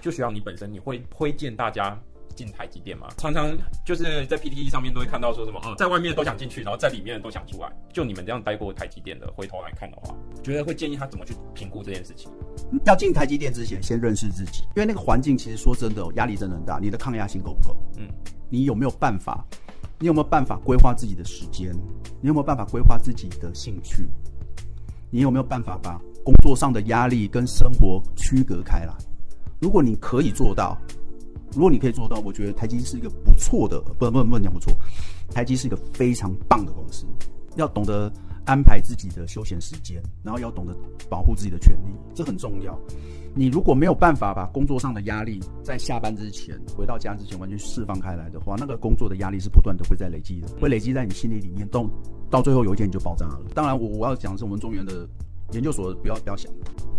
就需要你本身，你會推薦大家進台積電嗎？常常就是在 PTE 上面都會看到說什麼哦，在外面都想進去，然後在裡面都想出來。就你們這樣待過台積電的，回頭來看的話，覺得會建議他怎麼去評估這件事情？要進台積電之前，先認識自己，因為那個環境其實說真的，壓力真的很大。你的抗壓性夠不夠？嗯，你有沒有辦法？你有沒有辦法規劃自己的時間？你有沒有辦法規劃自己的興趣？你有沒有辦法把工作上的壓力跟生活區隔開來？如果你可以做到，如果你可以做到，我覺得台積是一個不錯的，不不不，不講不錯，台積是一個非常棒的公司。要懂得安排自己的休閒時間，然後要懂得保護自己的權利，這很重要。你如果沒有辦法把工作上的壓力在下班之前、回到家之前完全釋放開來的話，那個工作的壓力是不斷的會在累積的，會累積在你心理裡面，到到最後有一天你就爆炸了。當然我，我我要講的是我們中原的。研究所，不要不要想，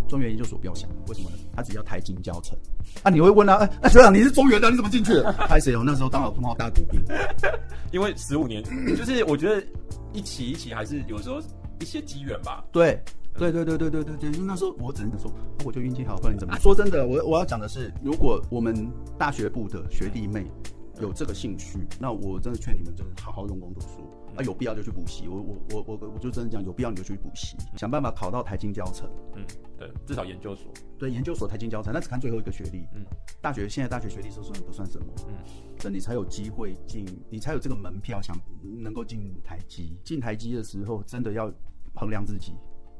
中原研究所不要想，為什麼呢？他、嗯、只要台清交成。啊，你會問他、啊、哎、欸啊，學長你是中原的，你怎麼進去的？開始有，那時候當了什麼大擴編？因為十五年，咳咳，就是我覺得一起一起還是有時候一些機緣吧。對，對對對對對對對。那時候我只能講說，我就運氣好，不然你怎麼？說真的，我我要講的是，如果我們大學部的學弟妹。嗯有這個興趣，那我真的勸你們好好、嗯、就好好用功讀書、嗯、啊，有必要就去補習。我我我我我就真的講，有必要你就去補習，嗯、想辦法考到台清交成。嗯，對，至少研究所，對，研究所台清交成，那只看最後一個學歷。嗯，大學現在大學學歷是算不算什麼。嗯，這你才有機會進，你才有這個門票，想能夠進台積。進台積的時候，真的要衡量自己。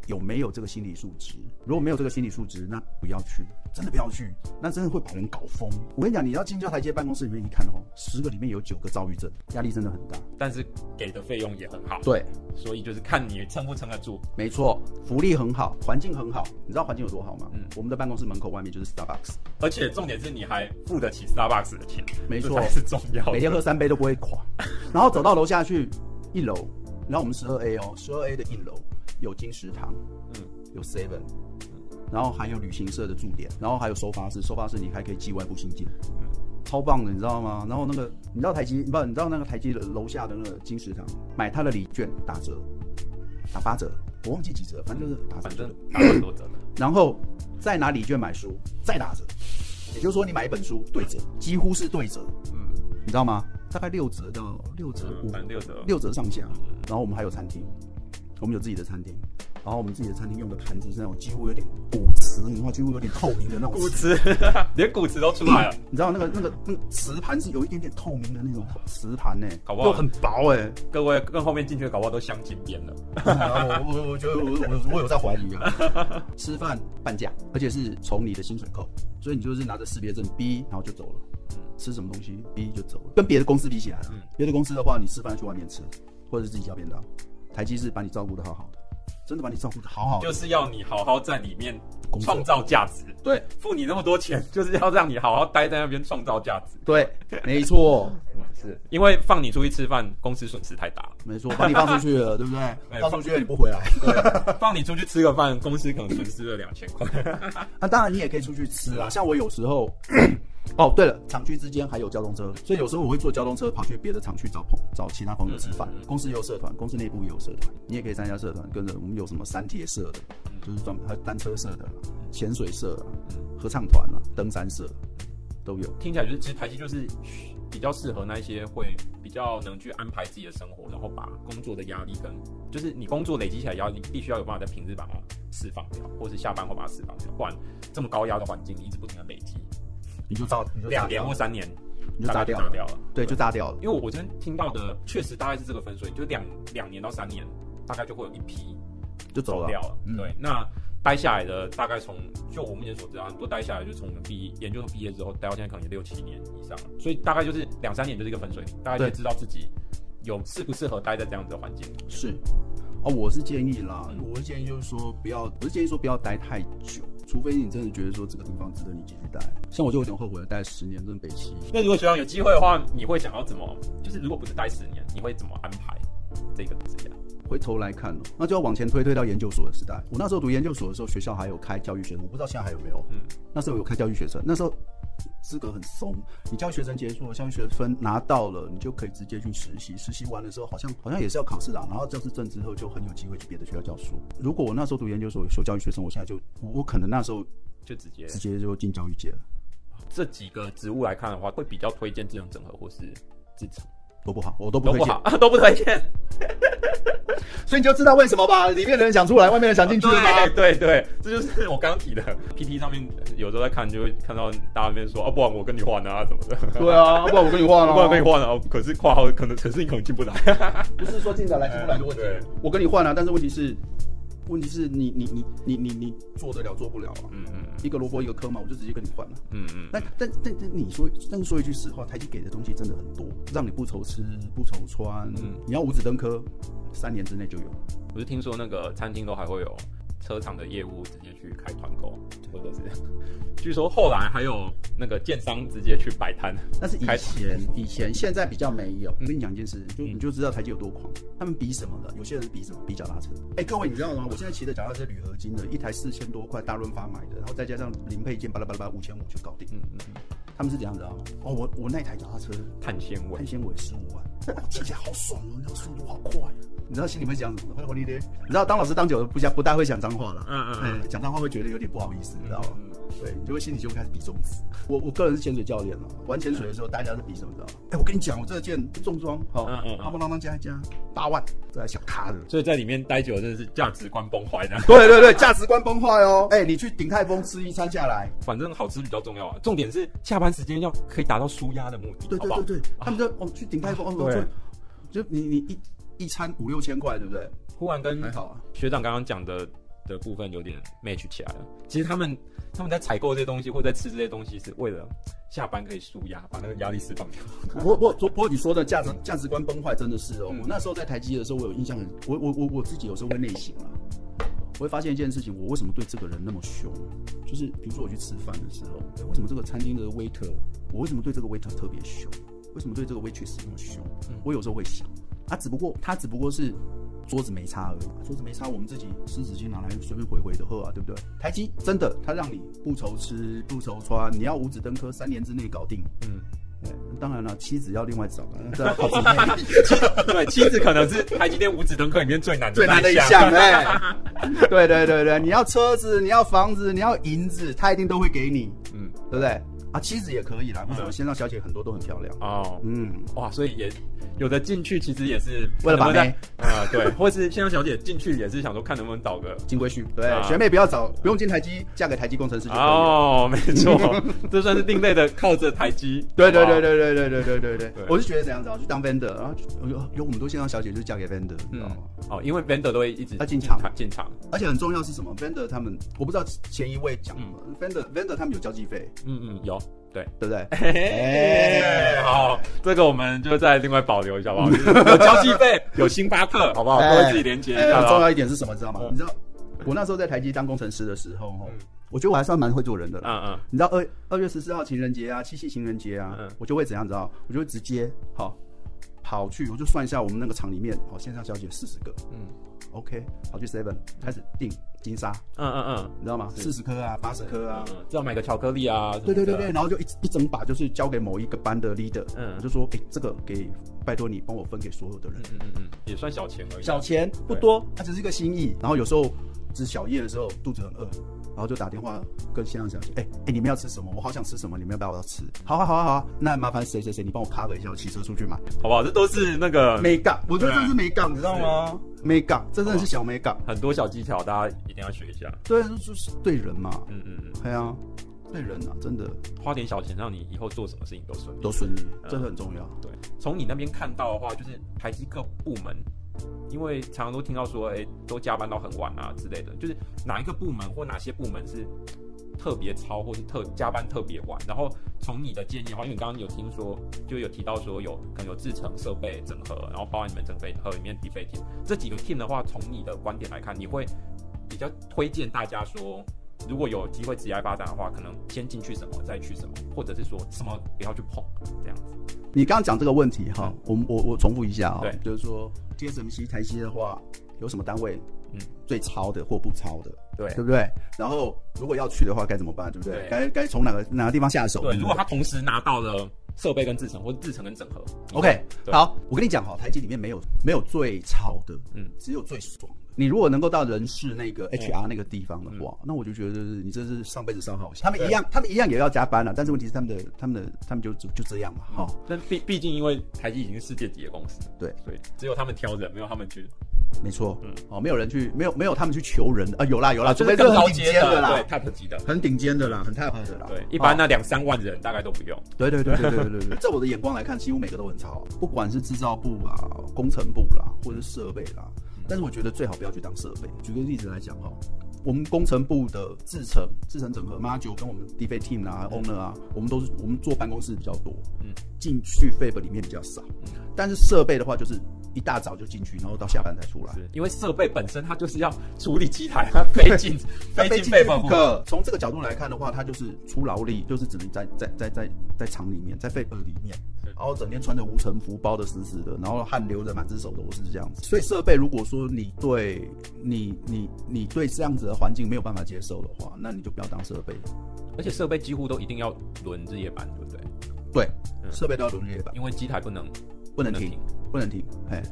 有沒有這個心理素質？如果沒有這個心理素質，那不要去，真的不要去，那真的會把人搞瘋。我跟你講，你要進到台積辦公室裡面一看哦，十個裡面有九個躁鬱症，壓力真的很大。但是給的費用也很好。對，所以就是看你撐不撐得住。沒錯，福利很好，環境很好。你知道環境有多好嗎？嗯，我們的辦公室門口外面就是 Starbucks，而且重點是你還付得起 Starbucks 的錢。沒錯，是重要。每天喝三杯都不會垮。然後走到樓下去，一樓，然後我們十二 A 哦，十二 A 的一樓。有金石堂，嗯，有 Seven，、嗯、然後還有旅行社的駐點，然後還有收發室，收發室你還可以寄外部信件，嗯、超棒的，你知道嗎？然後那個你知道台積，不，你知道那個台積樓下的那個金石堂，買他的禮券打折，打八折，我忘記幾折，反正就是打折就，反正打很多折。然後再拿禮券買書再打折，也就是說你買一本書對折，幾乎是對折，嗯，你知道嗎？大概六折到六折五，嗯、六折六折上下。然後我們還有餐廳。我們有自己的餐廳，然後我們自己的餐廳用的盤子是那種幾乎有點骨瓷，你知道幾乎有點透明的那種骨瓷，連骨瓷都出來了。嗯、你知道那個那個那個瓷盤是有一點點透明的那種瓷盤呢，搞不好？都很薄哎，欸，各位跟後面進去的搞不好都鑲金邊了。我我我我我有在懷疑啊。疑 吃飯半價，而且是從你的薪水扣，所以你就是拿着識別證 B，然後就走了。吃什麼東西 B 就走了。跟別的公司比起來了，別，嗯、的公司的話，你吃飯去外面吃，或者是自己叫便當。台積是把你照顧得好好的，真的把你照顧得好好，就是要你好好在裡面創造價值。對，付你那麼多錢，就是要讓你好好待在那邊創造價值。對，沒錯，是因為放你出去吃飯，公司損失太大了。沒錯，把你放出去了，對不對？放出去了，你不回來，放你出去吃個飯，公司可能損失了兩千塊。那當然你也可以出去吃啊，像我有時候。哦，對了，廠區之間還有交通車，所以有時候我會坐交通車跑去別的廠區找朋找其他朋友吃飯。嗯嗯、公司有社團，公司內部也有社團，你也可以參加社團，跟着我們有什麼三鐵社的，就是專門單車社的，潛水社、啊，合唱團啊，登山社，都有。聽起來就是其實台積就是比較適合那一些會比較能去安排自己的生活，然後把工作的壓力跟就是你工作累積起來壓力，你必須要有辦法在平日把它釋放掉，或是下班後把它釋放掉，不然這麼高壓的環境你一直不停的累積。你就炸，兩年或三年，你就炸掉炸掉了，對，就炸掉了。因為我今天聽到的確實大概是這個分水就兩兩年到三年，大概就會有一批就走掉了。啊。嗯、對，那待下來的大概從就我目前所知道，很多待下來就從畢業研究生畢業之後待到現在可能六七年以上，所以大概就是兩三年就是一個分水，大家就知道自己有適不適合待在這樣子的環境。對嗯、是啊、哦，我是建議啦，嗯、我是建議就是說不要，我是建議說不要待太久。除非你真的覺得說這個地方值得你繼續待，像我就有點後悔了，待十年真的北七。那如果學長有機會的話，你會想要怎麼？就是如果不是待十年，你會怎麼安排這個時間？回頭來看喔，那就要往前推推到研究所的時代。我那時候讀研究所的時候，學校還有開教育學程，我不知道現在還有沒有。嗯，那時候有開教育學程。那時候。資格很鬆，你教學生結束，像學分拿到了，你就可以直接去實習。實習完的時候，好像好像也是要考試的、啊，然後教師證之後就很有機會去別的學校教書。如果我那時候讀研究所，修教育學生，我現在就我可能那時候就直接直接就進教育界了。啊、這幾個職務來看的話，會比較推薦製程整合或是職場。支持都不好，我都不推薦、啊，都不推薦。 所以你就知道為什麼吧？裡面的人想出來，外面的人想進去 對對對，這就是我剛剛提的。PTT 上面有時候在看，就會看到大家那邊說啊，不然我跟你換啊，怎麼的？ 對啊，不然我跟你換啊， 我不然跟你換啊。可是括號可能可是你可能進不來， 不是說進得來進不來的問題。欸、對我跟你換啊，但是問題是。問題是你你你你你你做得了，做不了啊？嗯嗯，嗯一個蘿蔔一個坑嘛，我就直接跟你換了。嗯嗯，那、嗯、但但但你說，但是說一句實話，台積給的東西真的很多，讓你不愁吃不愁穿。嗯、你要五子登科，三年之內就有。不是聽說那個餐廳都還會有。車廠的業務直接去開團購，或者是，據說後來還有那個建商直接去擺攤。那是以前，團以前現在比較沒有。我、嗯、跟你講件事，就你就知道台積有多狂。他們比什麼的？有些人比什麼？比腳踏車。哎、嗯欸，各位、嗯、你知道嗎？我現在騎的腳踏車鋁合金的，嗯、一台四千多塊，大潤發買的，然後再加上零配件巴拉巴拉巴拉五千五就搞定。嗯嗯嗯。他們是怎樣子啊？哦，我我那台腳踏車碳纖維，碳纖維十五萬。聽起來好爽哦、啊，那個速度好快。啊，你知道心裡面想什麼活？、嗯嗯嗯，你知道當老師當久了，不不大會講髒話了、嗯。嗯嗯，講髒、欸、話會覺得有點不好意思，嗯、你知道嗎？對，你就會心裡就會開始比重子。我我個人是潛水教練了，玩潛水的時候大家是比什麼？知道嗎？哎，我跟你講，我這件重裝，好，嗯哐哐哐加一加，八萬，這還小咖子。所以在裡面待久，真的是價值觀崩壞的。對對對，價值觀崩壞哦。哎，你去鼎泰豐吃一餐下來，反正好吃比較重要啊。重點是下班時間要可以達到舒壓的目的。對對對對，他們就哦，去鼎泰豐哦，對就你你一一餐五六千塊，對不對？忽然跟學長剛剛講的。的部分有點 match 起來了。其實他們他們在採購這些東西，或者在吃這些東西，是為了下班可以舒壓，把那個壓力釋放掉。不過不過不過，你說的價值價、嗯、值觀崩壞真的是哦、喔。嗯、我那時候在台積的時候，我有印象很，我我我我自己有時候會內省啊，我會發現一件事情，我為什麼對這個人那麼凶？嗯、就是比如說我去吃飯的時候，為什麼這個餐廳的 waiter 我為什麼對這個 waiter 特別凶？為什麼對這個 waitress、er、那麼凶？嗯、我有時候會想，啊，只不過他只不過是。桌子沒擦而已，桌子沒擦，我們自己濕紙巾拿來隨便回回的喝啊，對不對？台積真的，他讓你不愁吃不愁穿，你要五子登科三年之內搞定，嗯、欸，當然了，妻子要另外找， 對妻子可能是台積電五子登科裡面最難的項最難的一項哎、欸， 對對對對，你要車子，你要房子，你要銀子，他一定都會給你，嗯，對不對？啊，妻子也可以啦。為什麼線上小姐很多都很漂亮哦，嗯，哇，所以也有的進去其實也是為了發展啊，對，或是線上小姐進去也是想說看能不能釣個金龜婿。對，學妹不要找，不用進台積，嫁給台積工程師就可以哦，沒錯，這算是另類的，靠着台積。對對對對對對對對對對，我是覺得這樣子啊，去當 vendor，然後有有我們很多線上小姐就嫁給 vendor，你知道嗎？哦，因為 vendor 都會一直要進場進場，而且很重要是什麼？vendor 他們，我不知道前一位講什麼 vendor vendor 他們有交際費，嗯嗯，有。對對不對？好，這個我們就再另外保留一下吧。有交際費，有星巴克，好不好？都會自己連接一下。最重要一點是什麼？知道嗎？你知道，我那時候在台積當工程師的時候，我覺得我還算蠻會做人的。嗯嗯。你知道二二月十四號情人節啊，七夕情人節啊，我就會怎樣，你知道，我就會直接好跑去，我就算一下我們那個廠裡面好線上小姐四十個。嗯。OK，跑去 Seven 開始訂。金沙，嗯嗯嗯，你知道嗎？四十顆啊，八十顆啊，就要買個巧克力啊，對對對對，然後就一一整把，就是交給某一個班的 leader，嗯，就說哎，這個給拜托你幫我分給所有的人，嗯嗯嗯，也算小錢而已，小錢不多，它只是一個心意。然後有時候值小夜的時候肚子很餓，然後就打電話跟現場小姐，哎哎，你們要吃什麼？我好想吃什麼，你們要不要我吃，好啊好啊好啊，那麻煩誰誰誰，你幫我卡了一下，我騎車出去買，好不好？這都是那個眉角，我覺得這是眉角，你知道嗎？美感，up, 真的是小美感，oh,，很多小技巧，大家一定要學一下。對，就是對人嘛。嗯嗯對啊，對人啊，真的花點小錢，讓你以後做什麼事情都順，都順利，對真的很重要。嗯、對，從你那邊看到的話，就是台積各部門，因為常常都聽到說，哎、欸，都加班到很晚啊之類的，就是哪一個部門或哪些部門是特別操或是特加班特別晚，然後從你的建議的話，因為你剛剛有聽說，就有提到說有可能有製程設備整合，然後包含你們整備和裡面 defect team 這幾個 team 的話，從你的觀點來看，你會比較推薦大家說，如果有機會職業發展的話，可能先進去什麼，再去什麼，或者是說什麼不要去碰這樣子。你剛剛講這個問題哈、嗯，我我我重複一下啊，對，就是說 TSMC 台積的話，有什麼單位嗯最操的或不操的？對，對不對？然後如果要去的話該怎麼辦？對不對？該該從哪個哪個地方下手？對，如果他同時拿到了設備跟製程，或者製程跟整合。OK，好，我跟你講哈，台積裡面沒有沒有最潮的，嗯，只有最爽。你如果能夠到人事那個 HR 那個地方的話，那我就覺得是你這是上輩子燒好。他們一樣，他們一樣也要加班啊，但是問題是他們的他們的他們就就這樣嘛，哈。但畢畢竟因為台積已經是世界級的公司，對，所以只有他們挑人沒有他們去。沒錯，哦，沒有人去，沒有沒有他們去求人啊，有啦有啦，準備很頂尖的啦，Top 級的，很頂尖的啦，很 Top 的啦。對，一般那兩三萬人大概都不用。對對對對對對對。在我的眼光來看，幾乎每個都很潮，不管是製造部啊、工程部啦，或者是設備啦。但是我覺得最好不要去當設備。舉個例子來講哦，我們工程部的製程、製程整合、嘛就跟我們 Dev Team 啊、Owner 啊，我們都是我們坐辦公室比較多，嗯，進去 fab 裡面比較少。但是設備的話，就是。一大早就進去，然後到下班才出來，因為設備本身它就是要處理機台，它非進非進備服。從這個角度來看的話，它就是出勞力，就是只能在在在在在廠裡面，在廢液裡面，然後整天穿着無塵服包得死死的，然後汗流著滿只手都是這樣子。所以設備如果說你對你你你對這樣子的環境沒有辦法接受的話，那你就不要當設備。而且設備幾乎都一定要輪日夜班，對不對？對，設備都要輪夜班，因為機台不能不能停。不能聽，哎，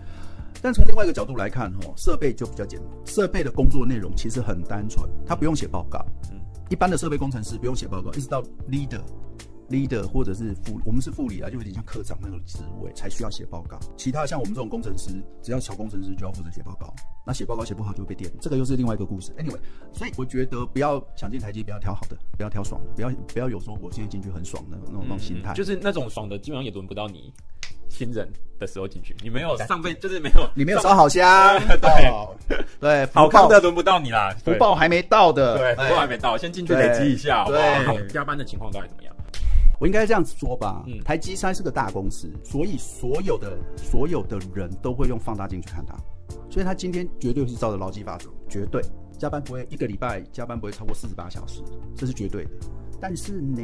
但從另外一個角度來看，哦，設備就比較簡單，設備的工作內容其實很單純，它不用寫報告，一般的設備工程師不用寫報告，一直到 leader。leader 或者是副，我們是副理啊，就有點像科長那種職位才需要寫報告。其他像我們這種工程師，只要小工程師就要負責寫報告。那寫報告寫不好就會被電，這個又是另外一個故事。Anyway，所以我覺得不要想進台積，不要挑好的，不要挑爽的，不要不要有說我現在進去很爽的那種那種心態、嗯。就是那種爽的，基本上也輪不到你新人的時候進去。你沒有上輩，敢就是沒有你沒有燒好香，對 對，福報 對 的輪不到你啦，福報還沒到的，福報還沒到，先進去累積一下。對，加班的情況到底怎麼樣？我應該這樣子說吧，嗯、台積山是個大公司，所以所有的所有的人都會用放大鏡去看它，所以他今天絕對是照着勞基法走，絕對加班不會一個禮拜加班不會超過四十八小時，這是絕對的。但是呢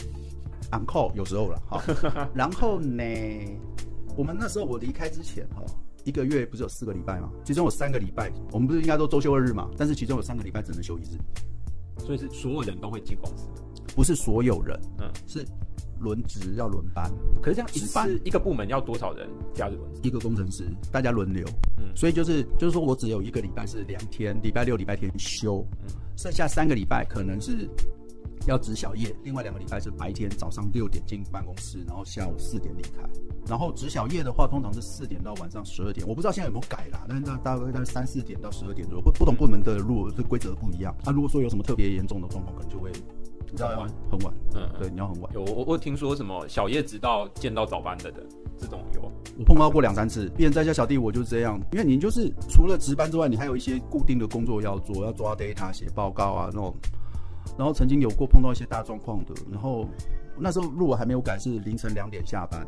，on call 有時候了哈， 然後呢，我們那時候我離開之前哈， 一個月不是有四個禮拜嗎？其中有三個禮拜我們不是應該都周休二日嘛？但是其中有三個禮拜只能休一日，所以是所有人都會進公司。不是所有人，嗯，是輪值要輪班，可是這樣一般一個部門要多少人？第二個問一個工程師大家輪流，嗯，所以就是就是說我只有一個禮拜是兩天，禮拜六、禮拜天休，嗯，剩下三個禮拜可能是要值小夜，另外兩個禮拜是白天，早上六點進辦公室，然後下午四點離開，然後值小夜的話，通常是四點到晚上十二點，我不知道現在有沒有改啦，但是大大概在三四點到十二點左右，不不同部門的路這規則不一樣。那、嗯啊、如果說有什麼特別嚴重的狀況，可能就會。你知道要晚很晚，啊、嗯，嗯對，你要很晚。有我我聽說什麼小夜值到見到早班的的。這種有。我碰到過兩三次，別人在家，小弟，我就這樣，因為你就是除了值班之外，你還有一些固定的工作要做，要抓 data、寫報告啊那種。然後曾經有過碰到一些大狀況的，然後、嗯、那時候如果還沒有改是凌晨兩點下班，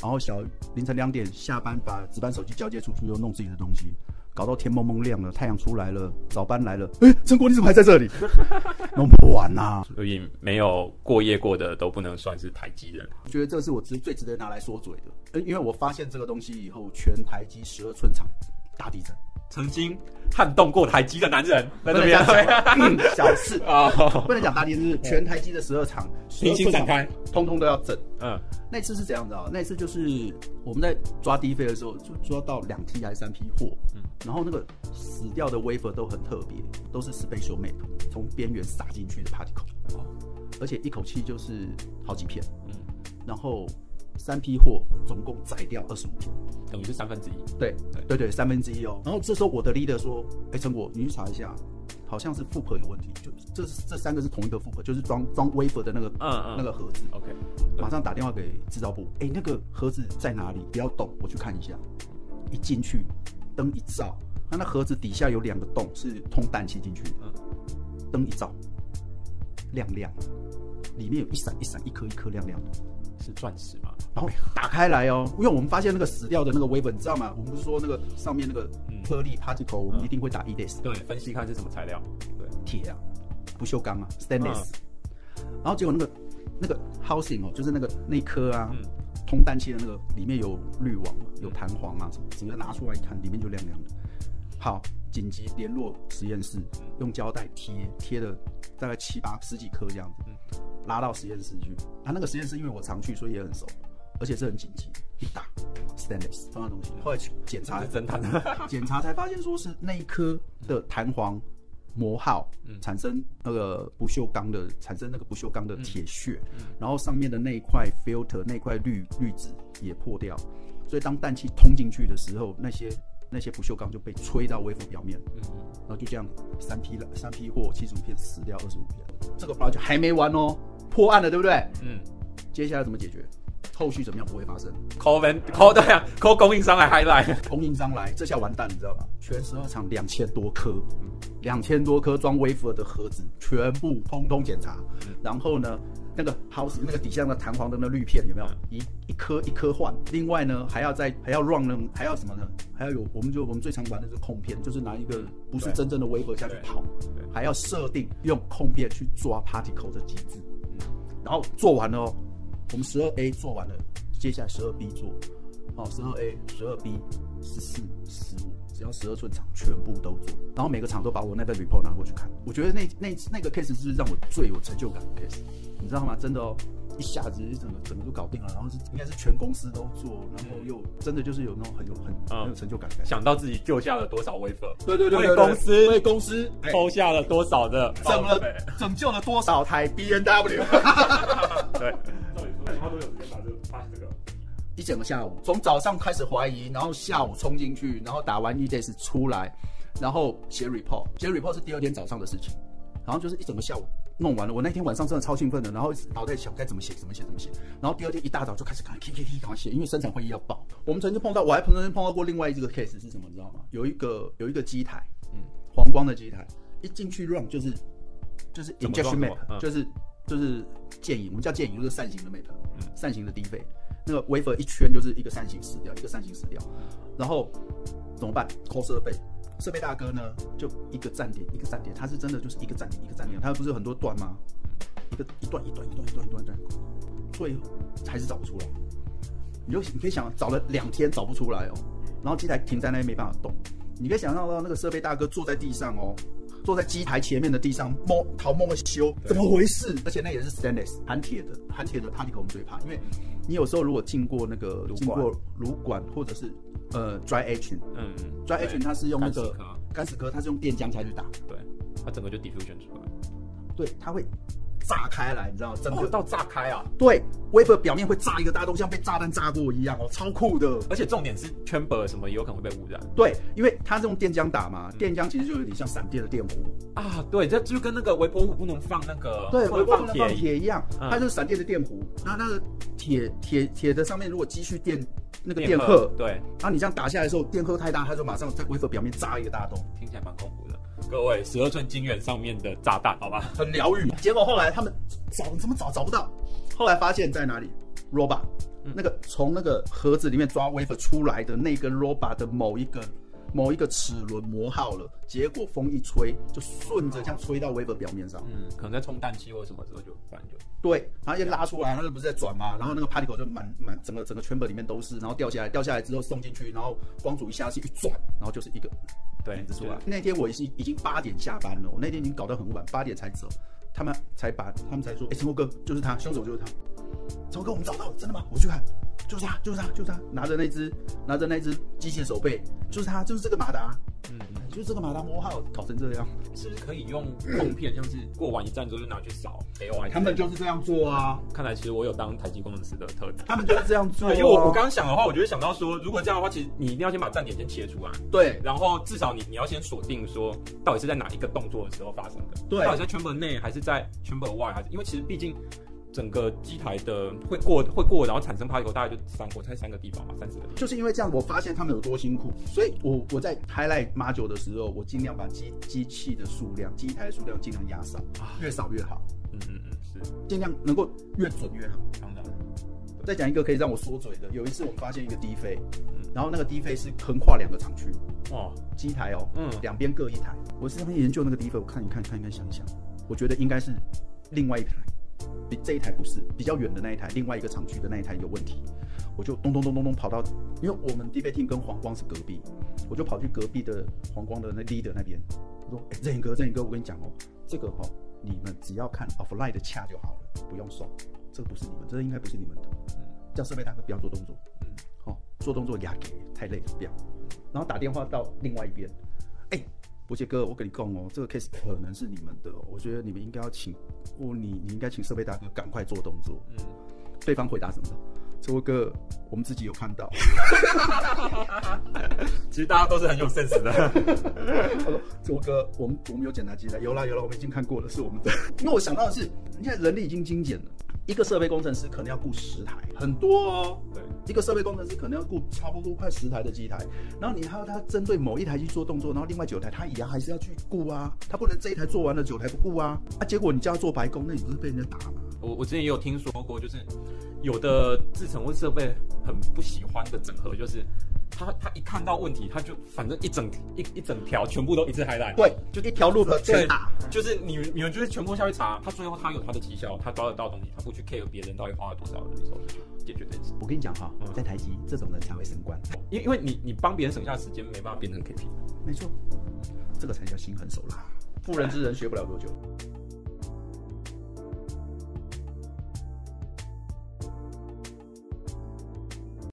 然後小凌晨兩點下班把值班手機交接出去，又弄自己的東西。搞到天濛濛亮了，太陽出來了，早班來了。哎、欸，陳國你怎麼還在這裡？ 弄不完吶、啊！所以沒有過夜過的都不能算是台積人。我覺得這是我值最值得拿來說嘴的，因為我發現這個東西以後，全台積十二寸廠。大地震，曾經撼動過台積的男人在那，在這邊對、嗯，小事啊，oh. 不能講大地震，是全台積的十二廠，廠平行展開，通通都要整。嗯，那次是怎樣的啊？那次就是我們在抓 defect 的時候，就抓到兩批還是三批貨。嗯，然後那個死掉的 wafer 都很特別，都是 special map 從邊緣撒進去的 particle。哦。而且一口氣就是好幾片。嗯，然後。三批貨總共宰掉二十五片，等於是三分之一。對對，對對對三分之一哦。然後這時候我的 leader 說：“哎，陳果，你去查一下，好像是富婆有問題。就這是這三個是同一個富婆，就是裝裝 wafer 的那個嗯，嗯那個盒子。OK，馬上打電話給製造部。哎對、欸，那個盒子在哪裡？不要動，我去看一下。一進去，燈一照，那那盒子底下有兩個洞，是通氮氣進去的。燈、嗯、一照，亮亮。”裡面有一閃一閃、一顆一顆亮亮的，是鑽石嗎？然後打開來哦，因為我們發現那個死掉的那個微粉，你知道嗎？我們不是說那個上面那個顆粒、嗯、particle，我們一定會打 EDS 對，嗯嗯、分析看是什麼材料，對，對鐵啊，不鏽鋼啊，stainless。嗯、然後結果那個那個 housing 哦，就是那個那顆啊，嗯、通氮氣的那個裡面有濾網、有彈簧啊什麼，整個拿出來一看，裡面就亮亮的。好，緊急聯絡實驗室，嗯、用膠帶貼貼了大概七八十幾顆這樣子，嗯。拉到實驗室去，他、啊、那個實驗室因為我常去，所以也很熟，而且是很緊急。一打，stand up，放下東西，過去檢查，真探，檢查才發現說是那一顆的彈簧磨耗、嗯，產生那個不鏽鋼的產生那個不鏽鋼的鐵屑，嗯、然後上面的那一塊 filter 那塊濾紙也破掉，所以當氮氣通進去的時候，那些那些不鏽鋼就被吹到 wafer 表面，嗯嗯，然後就這樣，三批了，三批貨，七十五片死掉，二十五片，這個包就還沒完哦、喔。破案了，對不對？嗯，接下來怎麼解決？後續怎麼樣不會發生？Call them, Call 對啊，Call 供應商來 Highlight，供應商來，這下完蛋，你知道吧？全十二廠兩千多顆，兩千、嗯、多顆裝 wafer 的盒子全部通通檢查。嗯、然後呢，那個 house 那個底下的彈簧的那濾片有沒有一一顆一顆換？另外呢，還要再還要 run 呢，還要什麼呢？還要有我們就我們最常玩的是控片，就是拿一個不是真正的 wafer 下去跑，對對對對對還要設定用控片去抓 particle 的機制。然後做完了，哦，我們十二 A 做完了，接下來十二 B 做，哦，十二 A、十二 B、十四、十五，只要十二寸廠全部都做，然後每個廠都把我那份 report 拿過去看，我覺得那那那個 case 是讓我最有成就感的 case，你知道嗎？真的哦。一下子一整個整個就搞定了，然後是應該是全公司都做，然後又對真的就是有那種很有很、嗯、很有成就感，感，想到自己救下了多少 wafer，對對對，為公司為公司抽下了多少的、哎，拯救了多少台 BMW， 對，然後都有時間把這個發現這個， 一整個下午從早上開始懷疑，然後下午衝進去，然後打完 EDS 出來，然後寫 report，寫 report 是第二天早上的事情，然後就是一整個下午。弄完了，我那天晚上真的超興奮的，然後腦袋想該怎麼寫怎麼寫怎麼寫，然後第二天一大早就開始趕，K K K 趕寫，因為生產會議要報。嗯、我們曾經碰到，我還曾經碰到過另外一個 case 是什麼，你知道嗎？有一個有一個機台，嗯，黃光的機台，一進去 run 就是就是 inject map，、嗯、就是就是建議我們叫建議，就是扇形的 mate，、嗯、扇形的低費，那個 wafer 一圈就是一個扇形死掉，一個扇形死掉，嗯、然後怎麼辦？扣設備。設備大哥呢？就一個站點，一個站點，他是真的就是一個站點，一個站點，他不是很多段嗎？一個一段一段一段一段一段一段，一段，最後還是找不出來。你就你可以想，找了兩天找不出來哦，然後機台停在那裡沒辦法動。你可以想到那個設備大哥坐在地上哦。坐在機台前面的地上摸掏摸的修，對怎麼回事？而且那也是 stainless 含鐵的，含鐵的 particle 我們最怕，因為你有時候如果進過那個進館過爐管或者是呃 dry etch，嗯，dry etch 對它是用那個乾蝕刻，它是用電漿下去打，對，它整個就 diffusion 出來，對，它會。炸開來，你知道，整個到炸開啊！對，微波表面會炸一個大洞，像被炸彈炸過一樣哦，超酷的。而且重點是，chamber 什麼也有可能會被污染。對，因為它這種電漿打嘛，嗯、電漿其實就有點像閃電的電弧啊。對，這就跟那個微波爐不能放那個對，不能放鐵一樣，它就是閃電的電弧。那、嗯、那個鐵鐵鐵的上面如果積蓄電那個電荷，赫對，然後、啊、你這樣打下來的時候，電荷太大，它就馬上在微波表面炸一個大洞，聽起來蠻恐怖的。各位，十二寸金元上面的炸彈，好吧，很療癒。結果後來他們找怎麼找找不到，後來發現在哪裡，roba，、嗯、那個從那個盒子裡面抓 wave 出來的那根、個、roba 的某一根。某一個齒輪磨好了，結果風一吹，就順着這樣吹到 wafer 表面上，嗯，可能在沖氮氣或者什麼之後就反正就對，然後一拉出來，樣它就不是在轉嘛，嗯、然後那個 particle 就滿滿整個整個 chamber 裡面都是，然後掉下來，掉下來之後送進去，然後光組一下去一轉，然後就是一個對，就出來。那天我是已經八點下班了，我那天已經搞得很晚，八點才走，他們才把他們才說，哎、嗯，陳歐哥就是他，凶手就是他，陳歐哥我們找到了，真的嗎？我去看。就是他，就是他，就是他，拿着那只，拿着那只機械手臂，就是他，就是這個馬達，嗯，就是這個馬達，魔號搞成這樣，是不是可以用封片？就、嗯、是過完一站之後就拿去掃，沒有、嗯，欸、他們就是這樣做啊。看來其實我有當台積工程師的特點， 他們就是這樣做、啊。因為我我剛想的話，我就會想到說，如果這樣的話，其實你一定要先把站點先切出來，對，然後至少你你要先鎖定說，到底是在哪一個動作的時候發生的，對，到底在 chamber 內還是在 chamber 外，還是因為其實畢竟。整個機台的會過會過，然後產生趴頭，大概就三個，才三個地方嘛，三十個。就是因為這樣，我發現他們有多辛苦，所以我我在拍來麻酒的時候，我儘量把機機器的數量、機台數量儘量壓少啊，越少越好。嗯嗯嗯，是儘量能夠越準越好。當然、嗯嗯。再講一個可以讓我說嘴的，有一次我發現一個 defect，嗯、然後那個 defect 是橫跨兩個廠區哦，機台哦，嗯，兩邊各一台。我是在研究那個 defect，我看一看看一看想想，我覺得應該是另外一台。這一台不是比較遠的那一台，另外一個廠區的那一台有問題，我就咚咚咚咚咚、咚跑到，因為我們 defect team 跟黃光是隔壁，我就跑去隔壁的黃光的那 leader 那邊，我說：任、欸、穎哥，任哥，我跟你講哦、喔，這個哈、喔，你們只要看 offline 的恰就好了，不用送。這個不是你們，這個應該不是你們的，嗯，叫設備大哥不要做動作，嗯，好、喔，做動作啞給，太累了，不要，然後打電話到另外一邊，哎、欸。吳杰哥，我跟你講哦，這個 case 可能是你們的，我覺得你們應該要請，哦，你你應該請設備大哥趕快做動作。嗯，對方回答什麼？周哥，我們自己有看到， 其實大家都是很有 sense 的。他說，周 哥，我們我們有檢查機了，有啦有啦，我們已經看過了，是我們的。因為 我想到的是，現在人力已經精簡了。一個設備工程師可能要顧十台，很多哦。對，一個設備工程師可能要顧差不多快十台的機台，然後你還要他針對某一台去做動作，然後另外九台他一樣還是要去顧啊，他不能這一台做完了九台不顧啊，他、啊、結果你叫他做白工，那你不是被人家打嗎？我我之前也有聽說過，就是有的製程或設備很不喜歡的整合，就是。他他一看到問題，他就反正一整一一整條全部都一次海帶，對，就一條路的這樣打，就是你你們就是全部下去查，他最後他有他的績效，他抓得到東西，他不去 care 別人到底花了多少的，你說解決這件事。我跟你講哈，在台積、嗯、這種人才會升官，因因為你你幫別人省下時間，沒辦法變成 K P，沒錯，這個才叫心狠手辣，婦人之仁學不了多久。